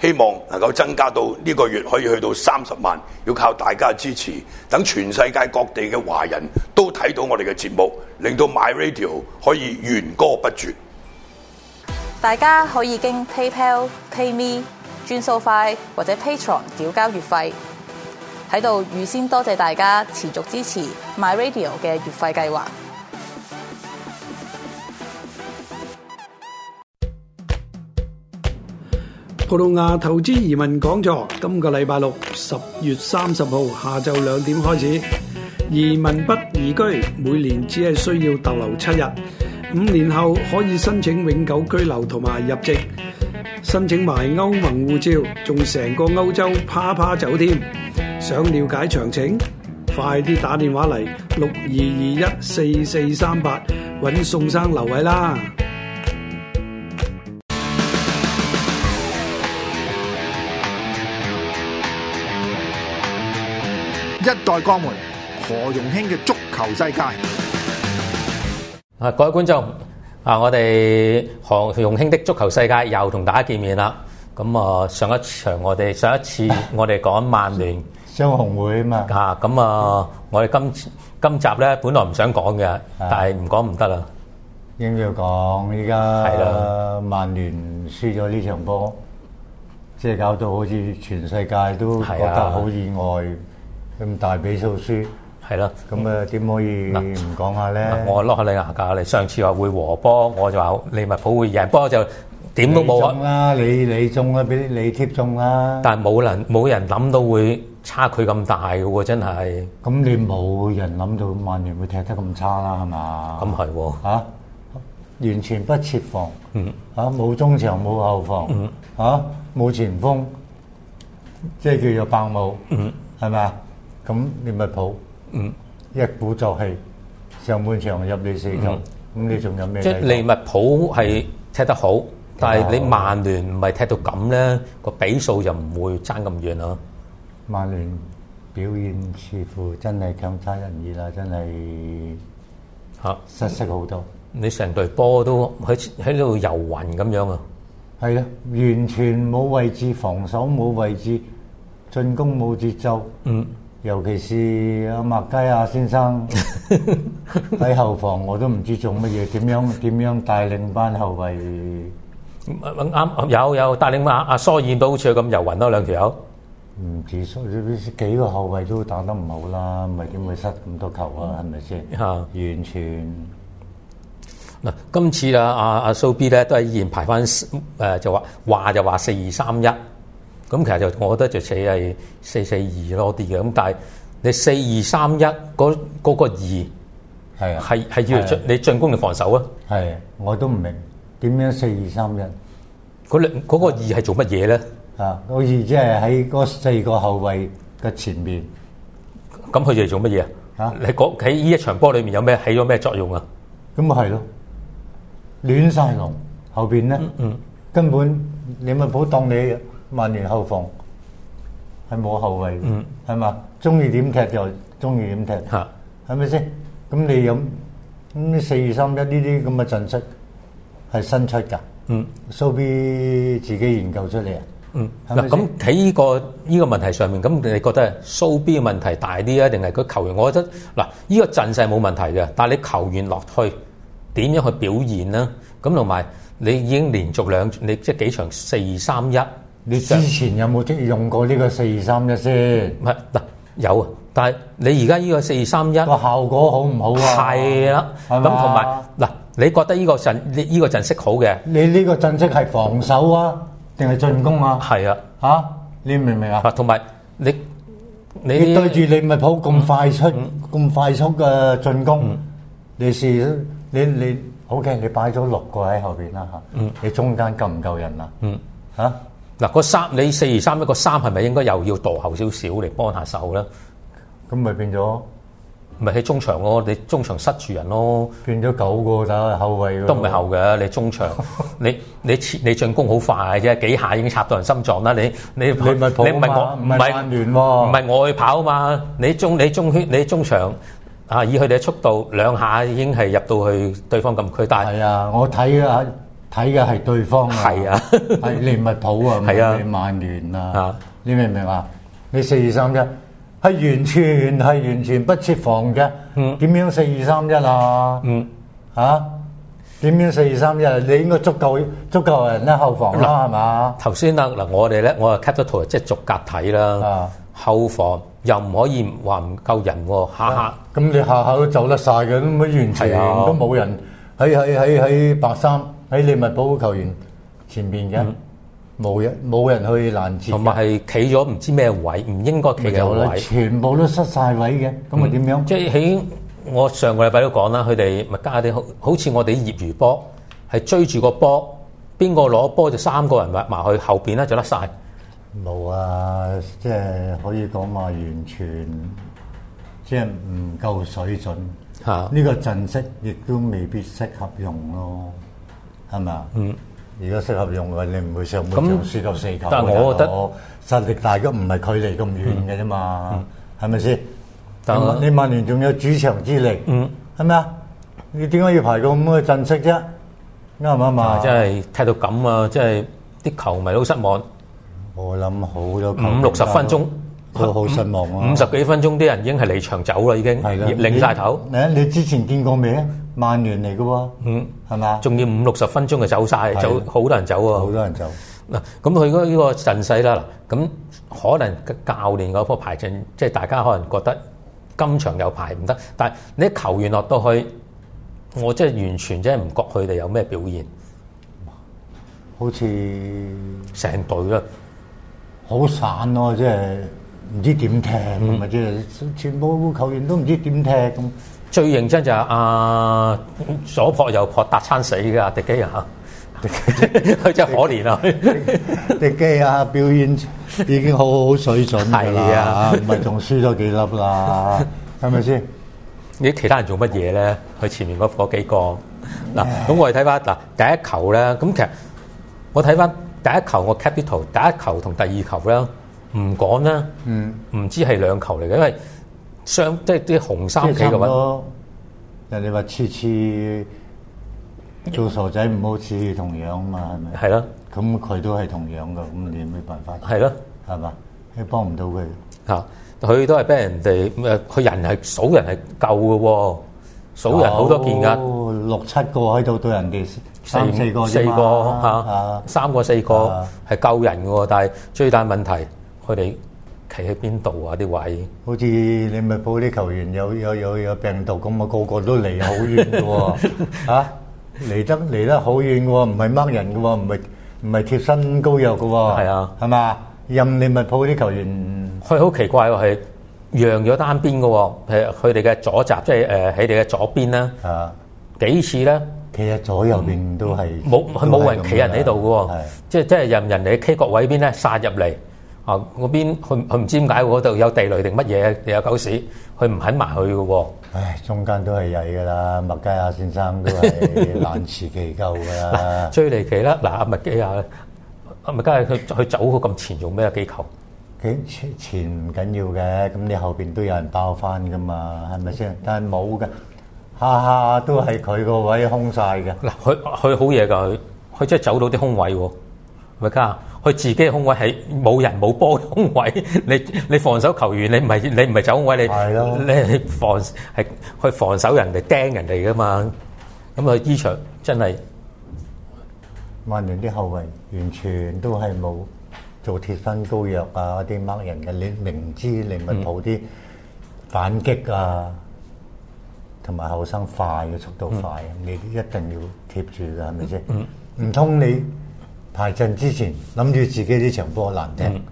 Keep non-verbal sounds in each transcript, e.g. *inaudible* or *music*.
希望能夠增加到呢個月可以去到三十萬，要靠大家嘅支持，等全世界各地嘅華人都睇到我哋嘅節目，令到 My Radio 可以弦歌不絕。大家可以經 PayPal、PayMe 轉數快或者 Patreon 繳交月費，喺度預先多謝大家持續支持 My Radio 嘅月費計劃。葡萄牙投資移民講座，今個禮拜六十月三十號下晝兩點開始。移民不移居，每年只係需要逗留七日，五年後可以申請永久居留同埋入籍，申請埋歐盟護照，仲成個歐洲趴趴走添。想了解詳情，快啲打電話嚟六二二一四四三八，搵宋生留位啦。一代鋼門何容興嘅足球世界啊！各位觀眾啊，我哋何容興的足球世界又同大家見面啦。咁啊，上一場我哋上一次我哋講曼聯雙紅會啊嘛。啊，咁啊，我哋今今集咧本來唔想講嘅，但係唔講唔得啦，應該要講。依家曼聯輸咗呢場波，即係搞到好似全世界都覺得好意外。咁大比數輸，係咯。咁誒點可以？嗱，唔講下咧。我落下你牙價你。上次話會和波，我就話利物浦會贏波就點都冇啊！你你中啊，俾你貼中啊！但係冇人冇人諗到會差距咁大嘅喎，真係。咁你冇人諗到曼聯會踢得咁差啦，係嘛？咁係喎嚇，完全不設防，嚇冇中場冇後防，嚇冇前鋒，即係叫做白冇，係嘛？咁利物浦，嗯，一鼓作氣上半場入你四球，咁你仲有咩？即係利物浦係踢得好，但係你曼聯唔係踢到咁咧，個比數就唔會差咁遠咯。曼聯表現似乎真係強差人意啦，真係嚇失色好多。你成隊波都喺喺度遊魂咁樣啊！係啊，完全冇位置，防守冇位置，進攻冇節奏。嗯。尤其是阿麥雞阿、啊、先生喺 *laughs* 後防，我都唔知做乜嘢，點樣點樣帶領班後衞，嗯？啱、嗯嗯嗯、有有帶領阿阿蘇爾都好似咁遊雲多兩條友。唔止蘇，幾個後衞都打得唔好啦，咪點會失咁多球啊？係咪先？嚇！嗯、完全嗱、啊，今次啊，阿、啊、阿蘇 B 咧都係依然排翻，誒、呃、就話話就話四二三一。咁其實就我覺得就似係四四二多啲嘅，咁但係你四二三一嗰嗰個二係係要進，你進攻定防守啊？係，我都唔明點樣四二三一嗰兩嗰個二係做乜嘢咧？啊，好似即係喺嗰四個後衞嘅前面，咁佢哋做乜嘢啊？嚇，你講喺呢一場波裏面有咩起咗咩作用啊？咁咪係咯，亂曬龍後邊咧，根本你咪冇當你，曼聯後防係冇後衛，係嘛、嗯？中意點踢就中意點踢，係咪先？咁你有咁四二三一呢啲咁嘅陣式係新出噶？嗯，蘇 B 自己研究出嚟啊？嗯，嗱咁喺呢個呢個問題上面，咁你覺得蘇 B 嘅問題大啲啊？定係佢球員？我覺得嗱，呢個陣勢冇問題嘅，但係你球員落去點樣去表現呢？咁同埋你已經連續兩你即係幾場四二三一。你之前有冇即係用過呢個四二三一先？唔係嗱，有啊，但係你而家呢個四二三一個效果好唔好啊？係啦的，咁同埋嗱，你覺得呢個陣，呢、呢個陣式好嘅？你呢個陣式係防守啊，定係進攻啊？係是的 啊，嚇你明唔明啊？同埋你你，你對住利物浦咁快速、咁、嗯嗯、快速嘅進攻，嗯、你試你你好嘅，你擺咗六個喺後邊啦嚇，嗯、你中間夠唔夠人啊？嗯，嚇、啊。嗱，個三你四二三，一個三係咪應該又要墮後少少嚟幫下手咧？咁咪變咗，咪喺中場咯，你中場塞住人咯。變咗九個打後衞。都唔係後嘅，你中場，你你切，你進攻好快嘅啫，幾下已經插到人心臟啦。你你你咪跑嘛，唔係曼聯喎，唔係外跑嘛。你中你中圈你中場啊，以佢哋嘅速度，兩下已經係入到去對方禁區。但係係啊，我睇啊。睇嘅係對方啊！係啊，係利物浦啊，唔係曼聯啊！你明唔明啊？你四二三一係完全係完全不設防嘅，點樣四二三一啊？嚇點樣四二三一？你應該足夠足夠人咧後防啦，係嘛？頭先啦，嗱，我哋咧，我啊 cut 咗圖，即係逐格睇啦。後防又唔可以話唔夠人喎，下下咁你下下都走得曬嘅，咁樣完全都冇人喺喺喺喺白衫。喺利物浦嘅球員前邊嘅冇人冇人去攔截，同埋係企咗唔知咩位，唔應該企就位，全部都失晒位嘅。咁咪點樣？嗯、即係喺我上個禮拜都講啦，佢哋咪加啲好好似我哋啲業餘波，係追住個波，邊個攞波就三個人揦埋去後邊咧就得晒。冇啊！即係可以講話完全，即係唔夠水準。嚇、啊！呢個陣式亦都未必適合用咯。係咪啊？嗯，而家適合用嘅你唔會上半場輸到四球。但係我覺得實力大嘅唔係距離咁遠嘅啫嘛，係咪先？但你曼聯仲有主場之力，嗯，係咪啊？你點解要排到咁嘅陣式啫？啱唔啱啊？真係踢到咁啊！真係啲球迷都失望。我諗好多五六十分鐘佢好失望啊！五十幾分鐘啲人已經係離場走啦，已經，係嘅，領曬頭。你之前見過未啊？曼聯嚟嘅喎，嗯，係咪？仲要五六十分鐘就走晒，的走好多人走喎，好多人走。嗱，咁佢嗰呢個陣勢啦，嗱的，咁可能教練嗰個排陣，即係大家可能覺得今場又排唔得，但係你啲球員落到去，我真係完全真係唔覺佢哋有咩表現，好似像成隊都好散咯、啊，即係唔知點踢，唔係即係全部球員都唔知點踢咁。最認真就係阿、啊、左撲右撲打餐死嘅阿、啊、迪基啊！佢真係可憐啊！迪，迪基啊，表演已經好好水水準㗎啦、嗯，唔係仲輸咗幾粒啦？係咪先？你其他人做乜嘢咧？佢前面嗰嗰幾個嗱，咁、啊、我哋睇翻嗱第一球咧，咁其實我睇翻第一球我 capital 第一球同第二球咧，唔講啦，嗯，唔知係兩球嚟嘅，因為。相即係啲紅衫企噉樣咯，人哋話次次做傻仔唔好似同樣啊嘛，係咪？係咯、啊，咁佢都係同樣嘅，咁你有咩辦法？係咯、啊，係嘛？你幫唔到佢。嚇、啊，佢都係俾人哋，佢人係數人係夠嘅喎，數人好多件噶，六七個喺度對人哋，三四個啫嘛，嚇，啊啊、三個四個係夠人嘅、啊、但係最大問題佢哋。他們企喺邊度啊？啲位好似你咪鋪啲球員有有有有病毒咁啊，個個都離好遠嘅，吓離得離得好遠嘅，唔係掹人嘅，唔係唔係貼身高肉嘅，係啊，係嘛？任你咪鋪啲球員，佢好奇怪喎，係讓咗單邊嘅，譬如佢哋嘅左閘，即係誒喺你嘅左邊咧，啊幾次咧，企喺左右邊都係冇，係冇人企人喺度嘅，即係即係任人哋嚟 K 角位邊咧殺入嚟。啊！嗰邊佢佢唔知點解嗰度有地雷定乜嘢，又有狗屎，佢唔肯埋去嘅喎。唉，中間都係曳嘅啦，麥嘉亞先生都係難辭其咎嘅啦。最離奇啦，嗱阿麥嘉亞，阿麥嘉，佢佢走咗咁前做咩啊？機構幾前前唔緊要嘅，咁你後邊都有人包翻嘅嘛，係咪先？但係冇嘅，哈哈都係佢個位空晒嘅。嗱，佢佢好嘢㗎，佢佢真係走到啲空位喎，麥嘉，佢自己嘅空位係冇人冇波空位，你你防守球員你唔係你唔係走空位。你你防係去防守人哋釘人哋噶嘛？咁啊，依場真係曼聯啲後衞完全都係冇做貼身膏藥啊，啲 mark 人嘅，你明知你咪抱啲反擊啊，同埋後生快嘅速度快，你一定要貼住啦，係咪先？唔通你？排陣之前諗住自己呢場波難聽，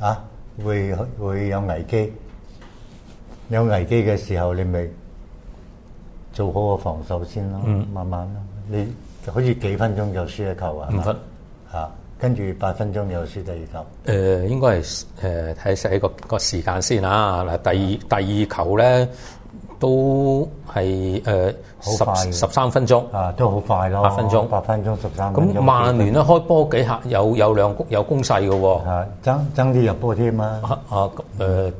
嗯、啊會會有危機，有危機嘅時候你咪做好個防守先咯，嗯、慢慢咯。你好似幾分鐘就輸一球、嗯、啊？五分啊，跟住八分鐘又輸第二球。誒、呃，應該係誒睇細個個時間先啊。嗱，第二第二球咧。都係誒十十三分鐘啊，都好快咯，八分鐘八分鐘十三。咁曼聯咧開波幾下，有有兩攻有攻勢嘅喎，爭爭啲入波添啊！啊誒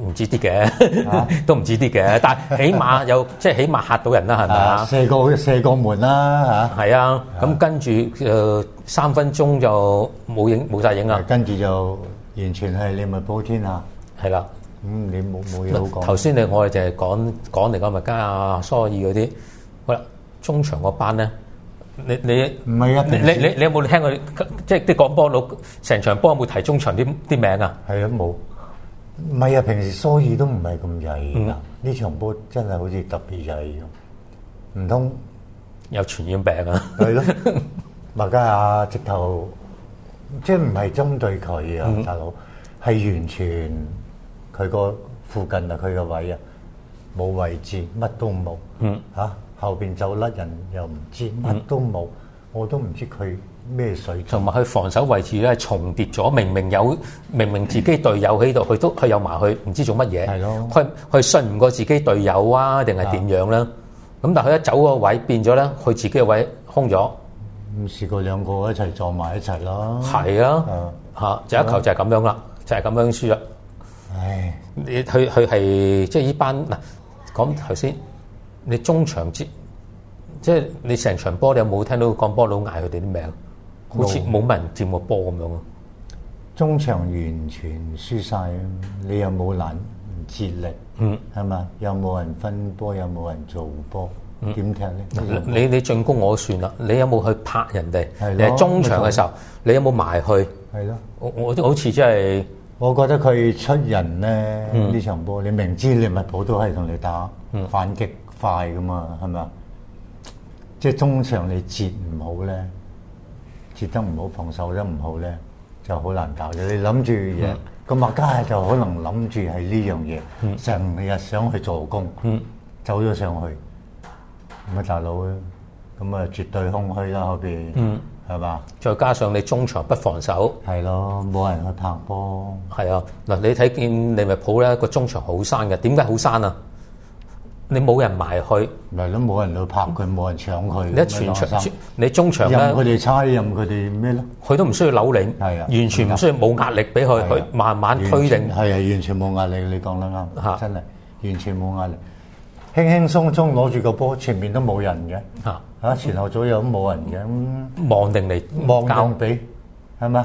唔知啲嘅，都唔知啲嘅，但係起碼有即係起碼嚇到人啦，係咪啊？射個射個門啦嚇！係啊，咁跟住就三分鐘就冇影冇晒影啦，跟住就完全係利物浦天下，係啦。咁你冇冇嘢好講？頭先你我哋就係講講嚟講麥嘉亞蘇爾嗰啲，好啦，中場嗰班咧，你你唔係啊？你你你有冇聽過即係啲講波佬成場波有冇提中場啲啲名啊？係啊，冇。唔係啊，平時蘇爾都唔係咁曳噶，呢場波真係好似特別曳咁。唔通有傳染病啊？係咯，麥嘉亞直頭即係唔係針對佢啊，大佬係完全。佢個附近啊，佢個位啊，冇位置，乜都冇。嗯，嚇、啊、後邊就甩人又唔知，乜都冇，我都唔知佢咩水平。同埋佢防守位置咧重疊咗，明明有，明明自己隊友喺度，佢都佢有埋去，唔知做乜嘢。係咯的，佢佢信唔過自己隊友啊，定係點樣咧？咁的但係佢一走個位變咗咧，佢自己嘅位空咗。唔試過兩個一齊撞埋一齊咯？係的啊，嚇、啊！就一球就係咁樣啦，是的就係咁樣輸啦。唉，你佢佢係即係呢班嗱，咁頭先你中場接，即係你成場波，你有冇聽到講波佬嗌佢哋啲名字？沒有好似沒佔似冇人佔個波咁樣啊。中場完全輸晒，啊，你又冇捻接力？嗯，係嘛？有冇人分波？又冇人做波？點踢咧？呢你你進攻我算啦。你有冇去拍人哋？係的你中場嘅時候，的你有冇埋去？係咯的。我我都好似即係。我覺得佢出人咧呢、嗯、這場波，你明知利物浦都係同你打、嗯、反擊快噶嘛，係咪啊？即係中場你截唔好咧，截得唔好，防守得唔好咧，就好難搞嘅。你諗住嘢，咁阿、嗯、家就可能諗住係呢樣嘢，成日、嗯、想去助攻，嗯、走咗上去，咁啊大佬，咁啊絕對空虛啦後邊。嗯係嘛？再加上你中場不防守，係咯，冇人去拍波。係啊，嗱，你睇見利物浦咧個中場好山嘅，點解好山啊？你冇人埋去，咪都冇人去拍佢，冇人搶佢。你一全場，全場你中場咧任佢哋差，任佢哋咩咯？佢都唔需要扭領，係啊，完全唔需要冇壓力，俾佢去慢慢推定，係啊，完全冇壓力。你講得啱，嚇，真係完全冇壓力。輕輕鬆鬆攞住個波，前面都冇人嘅嚇，嚇、啊、前後左右都冇人嘅，望定嚟望定俾係咪？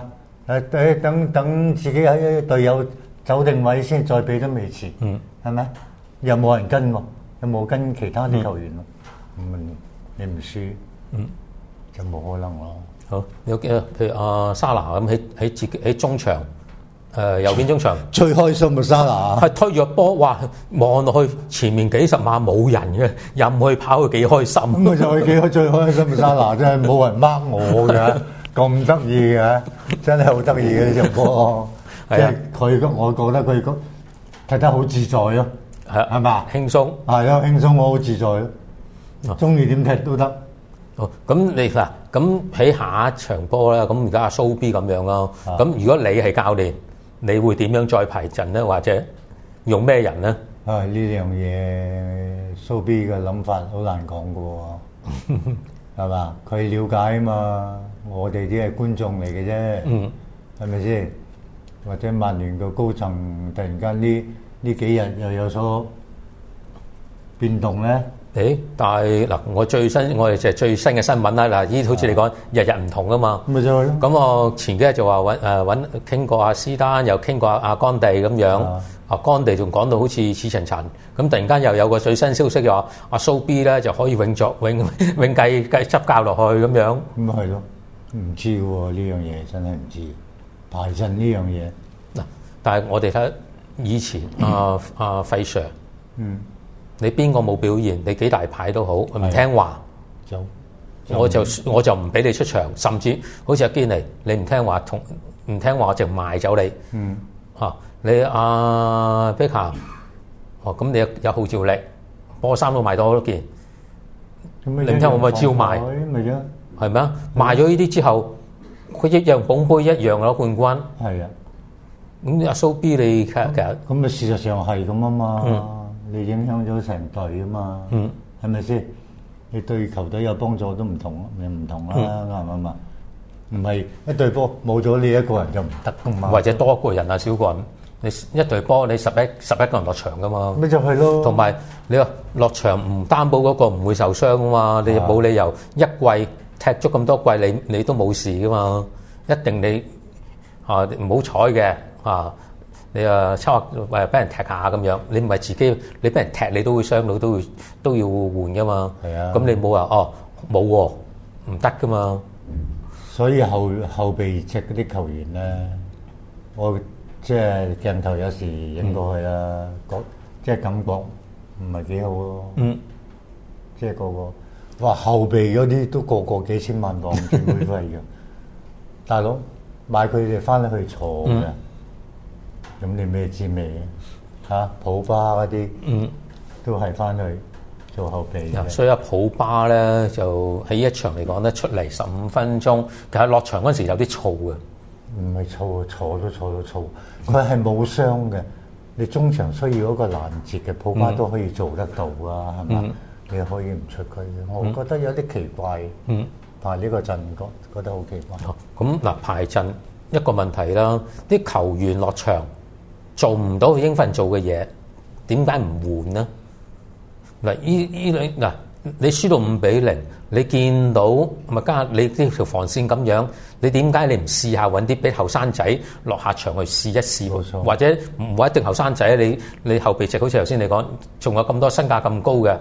誒誒低等等自己喺隊友走定位先，再俾都未遲，係咪？又冇人跟喎、哦，又冇跟其他啲球員咯，咁你唔輸，嗯，嗯嗯就冇可能咯。好有幾啊？譬如阿沙拿咁喺喺自己喺中場。誒右邊中場最開心嘅沙拿，係推住個波，話望落去前面幾十碼冇人嘅，任去跑佢幾開心。咁佢就幾開最開心嘅沙拿，真係冇人掹我嘅，咁得意嘅，真係好得意嘅呢隻波。係佢咁，佢我覺得佢咁踢得好自在咯，係係嘛，輕鬆係咯，輕鬆我好自在咯，中意點踢都得。咁、啊、你嗱，咁喺下一場波啦，咁而家阿蘇 B 咁樣咯，咁、啊、如果你係教練，你會點樣再排陣咧，或者用咩人咧？啊，呢樣嘢蘇 B 嘅諗法好難講㗎喎，係嘛？ *laughs* 佢了解啊嘛，我哋啲係觀眾嚟嘅啫，係咪先？或者曼聯嘅高層突然間呢呢幾日又有所變動咧？誒、哎，但係嗱，我最新我哋就係最新嘅新聞啦。嗱，咦好似你講，日日唔同啊嘛。咪就係咯。咁我前幾日就話揾誒揾傾過阿、啊、斯丹，又傾過阿阿乾地咁樣。是的 啊，乾地仲講到好似似層層。咁突然間又有個最新消息就話阿蘇 B 咧就可以永作永永計計執教落去咁樣。咁咪係咯，唔知喎，呢樣嘢真係唔知大震呢樣嘢。嗱，但係我哋睇以前阿阿、 *coughs* 啊啊、費 Sir 嗯。你邊個冇表現？你幾大牌都好，唔聽話，有我就我就唔俾你出場，甚至好似阿堅尼，你唔聽話同唔聽話，我就賣走你。嗯，嚇你阿皮克，哦咁你有有號召力，波衫都賣多好多件，你聽我咪照賣，係咪？賣咗呢啲之後，佢一樣捧杯一樣攞冠軍。係啊，咁阿蘇 B 你其實咁咪事實上係咁啊嘛。你影響咗成隊啊嘛，係咪先？你對球隊有幫助都唔同，你唔同啦，啱唔啱啊？唔係一隊波冇咗你一個人就唔得噶嘛，或者多一個人啊少個人，你一隊波你十一十一個人落場噶嘛，咪就係咯。同埋你話落場唔擔保嗰個唔會受傷噶嘛，你冇理由一季踢足咁多季你你都冇事噶嘛，一定你啊唔好彩嘅啊！你啊，抽或誒俾人踢下咁樣，你唔係自己，你俾人踢你都會傷到，都會都要換噶嘛。係啊。咁你冇話哦，冇喎，唔得噶嘛。所以後後備赤嗰啲球員咧，我即係鏡頭有時影過去啦，嗰即係感覺唔係幾好咯。嗯。即係個個話後備嗰啲都個個幾千萬鎊轉會費嘅，大佬買佢哋翻嚟去坐嘅。咁你咩滋味嘅？嚇、啊，普巴嗰啲，嗯，都係翻去做後備嘅、嗯、所以阿普巴咧，就喺呢一場嚟講咧，出嚟十五分鐘，其實落場嗰陣時有啲燥嘅。唔係燥啊，坐都坐到燥。佢係冇傷嘅，你中場需要一個攔截嘅，普巴、嗯、都可以做得到啊，係嘛？嗯、你可以唔出佢嘅，我覺得有啲奇怪。嗯，但係呢個陣覺得覺得好奇怪。咁嗱、嗯，排陣一個問題啦，啲球員落場。做唔到佢應份做嘅嘢，點解唔換呢？嗱，依依兩嗱，你輸到五比零，你見到咪家下你呢條防線咁樣，你點解你唔試下揾啲俾後生仔落下場去試一試？冇錯，或者唔一定後生仔，你你後備席好似頭先你講，仲有咁多身價咁高嘅，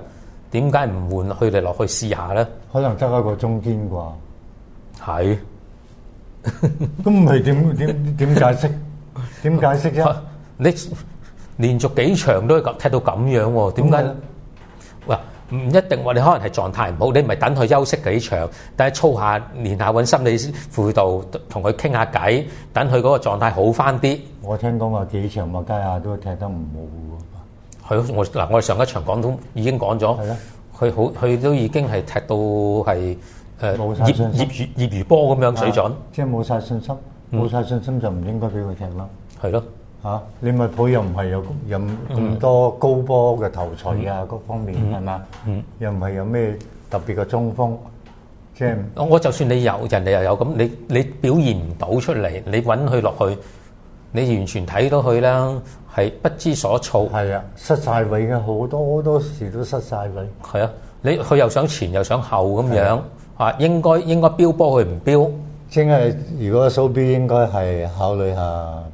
點解唔換佢哋落去試下呢？可能得一個中堅啩，係，都唔係點點點解釋，點解釋啫？你連續幾場都踢到咁樣喎？點解？唔一定話，你可能係狀態唔好。你唔係等佢休息幾場，但係操下、練下，搵心理輔導同佢傾下偈，等佢嗰個狀態好翻啲。我聽講話幾場麥佳亞都踢得唔好喎。佢我嗱，我哋上一場廣東已經講咗，佢好佢都已經係的踢到係誒業業業業餘波咁樣水準。即係冇晒信心，冇晒、啊就是、信，信心就唔應該俾佢踢咯。係咯。嚇，利物浦又唔係有咁咁多高波嘅頭槌啊，各方面係嘛？又唔係有咩特別嘅中鋒，即係我我就算你有，人哋又有咁，你你表現唔到出嚟，你揾佢落去，你完全睇到佢啦，係不知所措。係啊，失曬位嘅，好多好多時都失曬位。係啊，你佢又想前又想後咁樣啊，應該應該標波佢唔標？即係，如果蘇 B 應該係考慮下。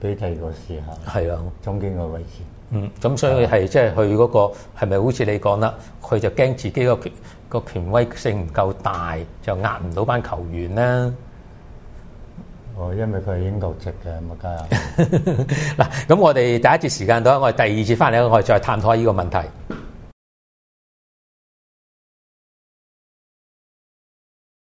俾第二個試下，係啊、嗯，中間個位置。嗯，咁、嗯嗯、所以係、啊、即係去嗰個係咪好似你講啦？佢就驚自己個權個、嗯、權威性唔夠大，就壓唔到班球員咧。哦，因為佢係英國籍嘅麥加雅。嗱，咁、 *laughs* 啊、我哋第一節時間到，我哋第二節翻嚟，我哋再探討呢個問題。